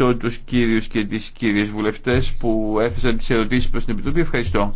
Ευχαριστώ τους κύριους και τις κύριες βουλευτές που έφεσαν τις ερωτήσεις προς την Επιτροπή. Ευχαριστώ.